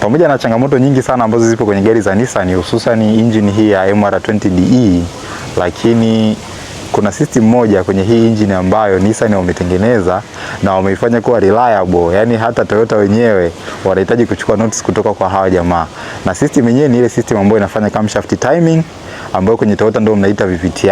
Pamoja na changamoto nyingi sana ambazo zipo kwenye gari za Nissan hususan engine hii ya MR20DE, lakini kuna system moja kwenye hii engine ambayo Nissan wametengeneza na wameifanya kuwa reliable, yani hata Toyota wenyewe wanahitaji kuchukua notice kutoka kwa hawa jamaa. Na system yenyewe ni ile system ambayo inafanya camshaft timing ambayo kwenye Toyota ndio mnaita VVTi.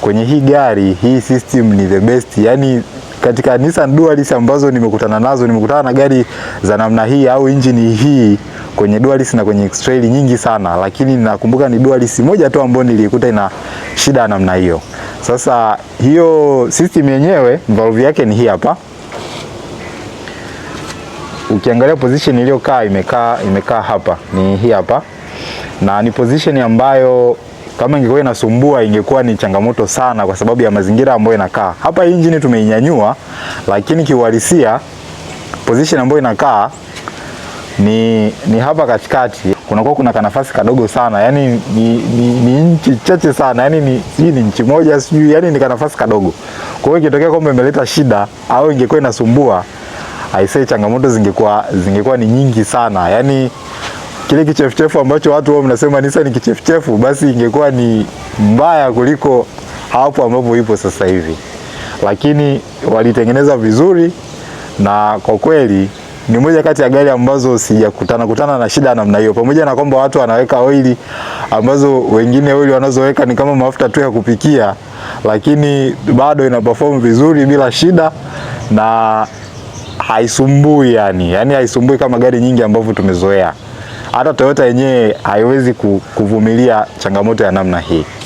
Kwenye hii gari hii system ni the best, yani katika Nissan Dualis ambazo nimekutana nazo, nimekutana na gari za namna hii au injini hii kwenye Dualis na kwenye X-Trail nyingi sana, lakini nakumbuka ni Dualis moja tu ambayo nilikuta ina shida ya namna hiyo. Sasa hiyo system yenyewe valve yake ni hii hapa. Ukiangalia position iliyokaa imekaa imekaa hapa ni hii hapa, na ni position ambayo kama ingekuwa inasumbua ingekuwa ni changamoto sana, kwa sababu ya mazingira ambayo inakaa. Hapa injini tumeinyanyua, lakini kiuhalisia position ambayo inakaa ni, ni hapa katikati kunakuwa kuna kanafasi kadogo sana, yani ni, ni, ni ni nchi chache sana, yani ni, hii ni nchi moja sijui, yani ni kanafasi kadogo. Kwa hiyo ikitokea kwamba imeleta shida au ingekuwa inasumbua, aisee, changamoto zingekuwa zingekuwa ni nyingi sana yani kile kichefuchefu ambacho watu wao mnasema Nisa ni kichefuchefu, basi ingekuwa ni mbaya kuliko hapo ambapo ipo sasa hivi, lakini walitengeneza vizuri, na kwa kweli ni moja kati ya gari ambazo sijakutana kutana na shida namna hiyo, pamoja na kwamba watu wanaweka oili ambazo wengine oili wanazoweka ni kama mafuta tu ya kupikia, lakini bado ina perform vizuri bila shida na haisumbui yani, yani haisumbui kama gari nyingi ambavyo tumezoea hata Toyota yenyewe haiwezi kuvumilia changamoto ya namna hii.